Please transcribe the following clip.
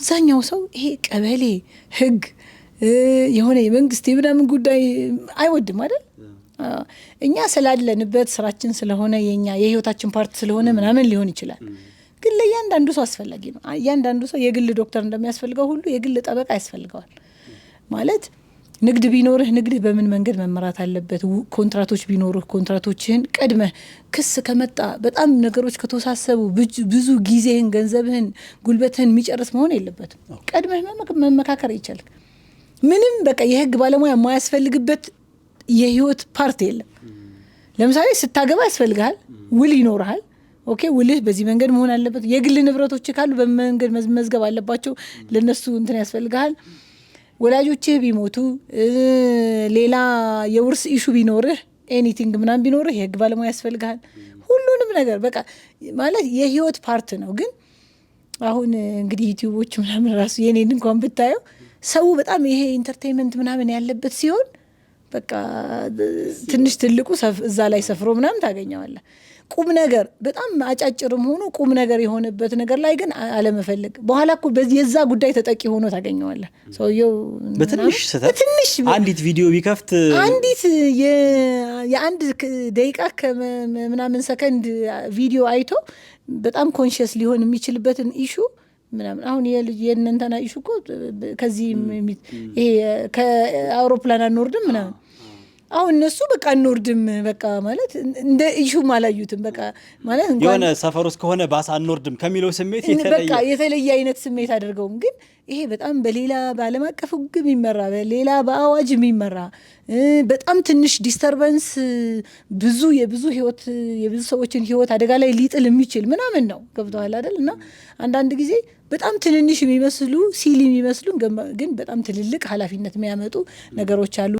አብዛኛው ሰው ይሄ ቀበሌ ህግ የሆነ የመንግስት የምናምን ጉዳይ አይወድም አይደል? እኛ ስላለንበት ስራችን ስለሆነ የኛ የህይወታችን ፓርት ስለሆነ ምናምን ሊሆን ይችላል። ግን ለእያንዳንዱ ሰው አስፈላጊ ነው። እያንዳንዱ ሰው የግል ዶክተር እንደሚያስፈልገው ሁሉ የግል ጠበቃ ያስፈልገዋል ማለት ንግድ ቢኖርህ ንግድህ በምን መንገድ መመራት አለበት? ኮንትራቶች ቢኖርህ ኮንትራቶችህን ቀድመህ ክስ ከመጣ በጣም ነገሮች ከተወሳሰቡ ብዙ ጊዜህን፣ ገንዘብህን፣ ጉልበትህን የሚጨርስ መሆን የለበትም። ቀድመህ መመካከር ይቻላል። ምንም በቃ የህግ ባለሙያ የማያስፈልግበት የህይወት ፓርት የለም። ለምሳሌ ስታገባ ያስፈልግሃል፣ ውል ይኖርሃል። ኦኬ ውልህ በዚህ መንገድ መሆን አለበት። የግል ንብረቶች ካሉ በመንገድ መዝገብ አለባቸው። ለነሱ እንትን ያስፈልግሃል። ወላጆችህ ቢሞቱ ሌላ የውርስ ኢሹ ቢኖርህ ኤኒቲንግ ምናምን ቢኖርህ የህግ ባለሙያ ያስፈልግሃል። ሁሉንም ነገር በቃ ማለት የህይወት ፓርት ነው። ግን አሁን እንግዲህ ዩቲዩቦች ምናምን ራሱ የኔን እንኳን ብታየው ሰው በጣም ይሄ ኢንተርቴንመንት ምናምን ያለበት ሲሆን በቃ ትንሽ ትልቁ እዛ ላይ ሰፍሮ ምናምን ታገኘዋለህ። ቁም ነገር በጣም አጫጭርም ሆኖ ቁም ነገር የሆነበት ነገር ላይ ግን አለመፈለግ በኋላ እኮ የዛ ጉዳይ ተጠቂ ሆኖ ታገኘዋለህ። ሰውየው በትንሽ ስህተት አንዲት ቪዲዮ ቢከፍት አንዲት የአንድ ደቂቃ ከምናምን ሰከንድ ቪዲዮ አይቶ በጣም ኮንሽስ ሊሆን የሚችልበትን ኢሹ ምናምን አሁን የልጅ የእነ ይሽኮ ከዚህ ይሄ ከአውሮፕላን አንወርድም ምናምን አሁን እነሱ በቃ እንወርድም በቃ ማለት እንደ ኢሹም አላዩትም። በቃ ማለት የሆነ ሰፈር ውስጥ ከሆነ ባስ አንወርድም ከሚለው ስሜት በቃ የተለየ አይነት ስሜት አድርገውም። ግን ይሄ በጣም በሌላ በዓለም አቀፍ ሕግ የሚመራ በሌላ በአዋጅ የሚመራ በጣም ትንሽ ዲስተርበንስ ብዙ የብዙ ህይወት የብዙ ሰዎችን ህይወት አደጋ ላይ ሊጥል የሚችል ምናምን ነው። ገብተዋል አይደል? እና አንዳንድ ጊዜ በጣም ትንንሽ የሚመስሉ ሲል የሚመስሉ ግን በጣም ትልልቅ ኃላፊነት የሚያመጡ ነገሮች አሉ።